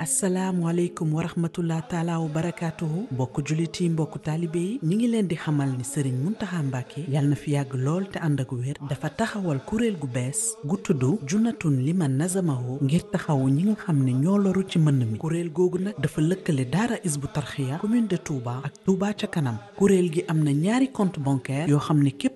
asalaamualeykum wa rahmatullah taalaa wa barakaatuhu mbokk jullit yi mbokk taalibe yi ñi ngi leen di xamal ni sëriñ Muntaxa Mbàkke yal na fi yàgg lool te ànd ak wér dafa taxawal kuréel gu bees gu tudd junatun liman nazamahu ngir taxawu ñi nga xam ne ñoo loru ci mën mi kuréel googu nag dafa lëkkale daara Hizbut Tarqiyyah commune de Touba ak Touba ca kanam kuréel gi am na ñaari compte bancaire yoo xam ne képp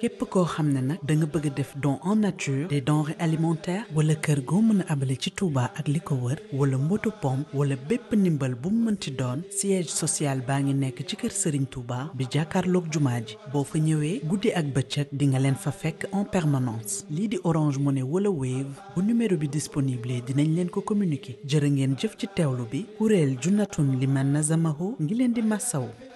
képp koo xam ne nag da nga bëgg a def don en nature des denrées alimentaires wala kër goo mën a abale ci Touba ak li ko wër wala moto pompe wala bépp ndimbal bu mu mënti doon siège social baa ngi nekk ci kër Serigne Touba bi jàkkaarloog jumaa ji boo fa ñëwee guddi ak bëccëg di nga leen fa fekk en permanence lii di Orange Money wala Wave bu numéro bi disponible dinañ leen ko communiquer jërë ngeen jëf ci teewlu bi kuréel Junnatun Liman Nazamahu ngi leen di massaw